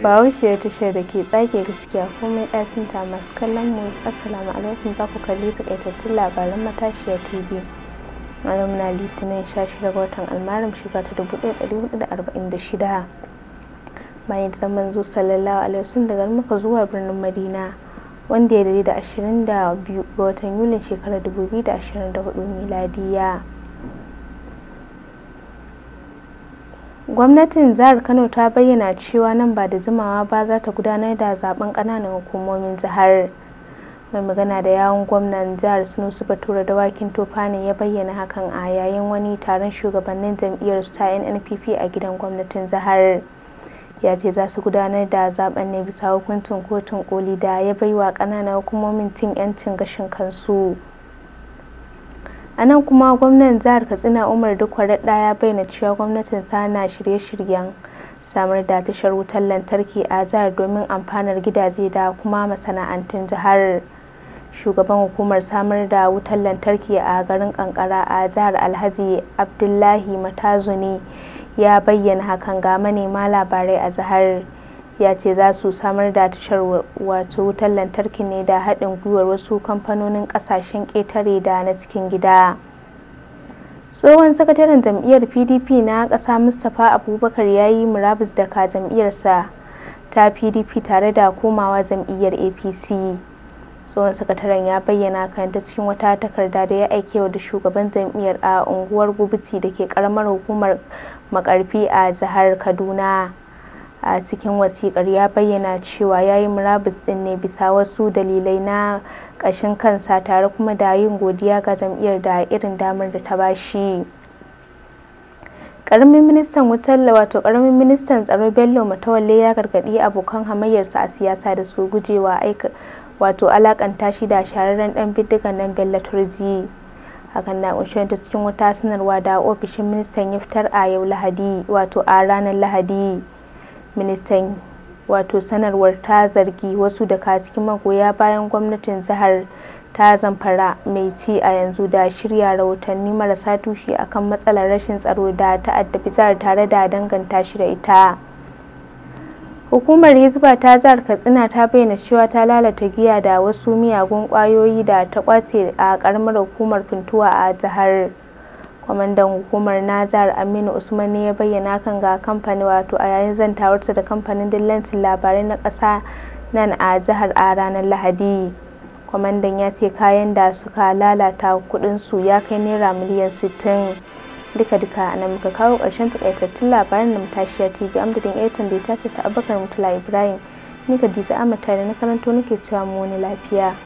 ya tashar da ke tsage gaskiya komai ɗacinta masu kallon mu Assalamu alaikum za ku kalli takaitattun labaran matashiya TV a ramuna litinin 16 ga watan almarin shiga ta dubu hudu da da arba'in shida bayan zaman zo sallallahu alaihi wasallam daga muka zuwa birnin madina wanda ya dade da ashirin da biyu ga watan yulin shekarar hudu miladiya Gwamnatin jihar Kano ta bayyana cewa nan ba da jimawa ba za ta gudanar da zaben ƙananan hukumomin jihar. Mai magana da yawon gwamnan jihar Sinusu Bature da wakin ne ya bayyana hakan a yayin wani taron shugabannin jam'iyyar su ta NNPP a gidan gwamnatin jihar. Ya ce za su gudanar da zaben ne bisa hukuncin kotun koli da ya baiwa ƙananan hukumomin cin 'yancin gashin kansu. a nan kuma gwamnan jihar katsina umar duk dukware ya bayyana cewa gwamnatin ta na shirye-shiryen samar da tashar wutar lantarki a jihar domin amfanar gidaje da kuma masana'antun jihar shugaban hukumar samar da wutar lantarki a garin kankara a jihar alhaji abdullahi matazuni ya bayyana hakan ga manema labarai a jihar ya ce za su samar da tashar wato wutar lantarki ne da haɗin gwiwar wasu kamfanonin ƙasashen ƙetare da na cikin gida tsohon sakataren jam'iyyar pdp na ƙasa mustapha abubakar ya yi murabus daga jam'iyyarsa ta pdp tare da komawa jam'iyyar apc tsohon sakataren ya bayyana kan ta cikin wata takarda da ya aikewa da shugaban jam'iyyar a unguwar gubuti da ke ƙaramar hukumar makarfi a jihar kaduna a cikin wasikar ya bayyana cewa ya yi murabus ɗin ne bisa wasu dalilai na ƙashin kansa tare kuma da yin godiya ga jam'iyyar da irin damar da ta bashi karamin ministan wutar wato karamin ministan tsaro bello matawalle ya gargaɗi abokan hamayyarsa a siyasa da su gujewa aika wato alakanta shi da shahararren dan bindiga nan bello turji hakan na kunshe da cikin wata sanarwa da ofishin ministan ya fitar a yau lahadi wato a ranar lahadi ministan wato sanarwar ta zargi wasu daga cikin magoya bayan gwamnatin jihar ta zamfara mai ci a yanzu da shirya rahotanni marasa tushe akan matsalar rashin tsaro da ta'addabi jihar tare da danganta shi da ita hukumar hizba ta jihar katsina ta bayyana cewa ta lalata giya da wasu miyagun kwayoyi da ta kwace a karamar hukumar funtuwa a jihar kwamandan hukumar Najar Aminu Usman ne ya bayyana kan ga kamfani wato a yayin zantawarsa da kamfanin dillancin labarai na ƙasa nan a jihar a ranar Lahadi. Kwamandan ya ce kayan da suka lalata su ya kai naira miliyan 60. duka duka na muka kawo ƙarshen takaitattun labaran da matashiya tv amdadin da ya tace sa abubakar mutula ibrahim ni ka dija amata na karanto nake cewa mu wani lafiya